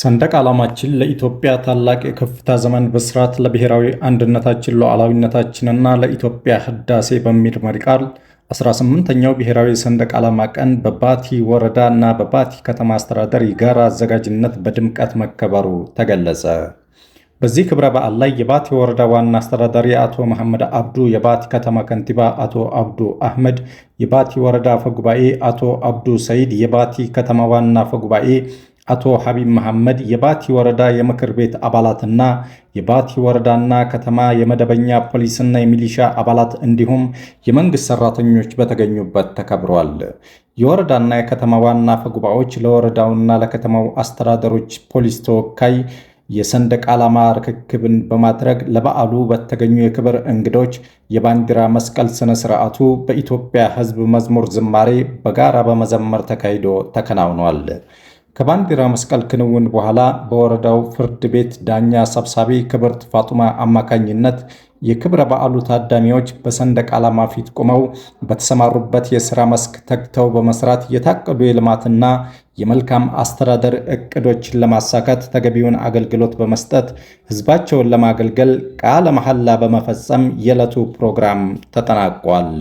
ሰንደቅ ዓላማችን ለኢትዮጵያ ታላቅ የከፍታ ዘመን በስርዓት ለብሔራዊ አንድነታችን ሉዓላዊነታችንና ለኢትዮጵያ ህዳሴ በሚል መሪ ቃል 18ኛው ብሔራዊ ሰንደቅ ዓላማ ቀን በባቲ ወረዳ እና በባቲ ከተማ አስተዳደር የጋራ አዘጋጅነት በድምቀት መከበሩ ተገለጸ። በዚህ ክብረ በዓል ላይ የባቲ ወረዳ ዋና አስተዳዳሪ አቶ መሐመድ አብዱ፣ የባቲ ከተማ ከንቲባ አቶ አብዱ አህመድ፣ የባቲ ወረዳ አፈጉባኤ አቶ አብዱ ሰይድ፣ የባቲ ከተማ ዋና አፈጉባኤ አቶ ሐቢብ መሐመድ የባቲ ወረዳ የምክር ቤት አባላትና የባቲ ወረዳና ከተማ የመደበኛ ፖሊስና የሚሊሻ አባላት እንዲሁም የመንግሥት ሠራተኞች በተገኙበት ተከብሯል። የወረዳና የከተማ ዋና አፈጉባኤዎች ለወረዳውና ለከተማው አስተዳደሮች ፖሊስ ተወካይ የሰንደቅ ዓላማ ርክክብን በማድረግ ለበዓሉ በተገኙ የክብር እንግዶች የባንዲራ መስቀል ሥነ ሥርዓቱ በኢትዮጵያ ሕዝብ መዝሙር ዝማሬ በጋራ በመዘመር ተካሂዶ ተከናውኗል። ከባንዲራ መስቀል ክንውን በኋላ በወረዳው ፍርድ ቤት ዳኛ ሰብሳቢ ክብርት ፋጡማ አማካኝነት የክብረ በዓሉ ታዳሚዎች በሰንደቅ ዓላማ ፊት ቆመው በተሰማሩበት የሥራ መስክ ተግተው በመስራት የታቀዱ የልማትና የመልካም አስተዳደር እቅዶችን ለማሳካት ተገቢውን አገልግሎት በመስጠት ሕዝባቸውን ለማገልገል ቃለ መሐላ በመፈጸም የዕለቱ ፕሮግራም ተጠናቋል።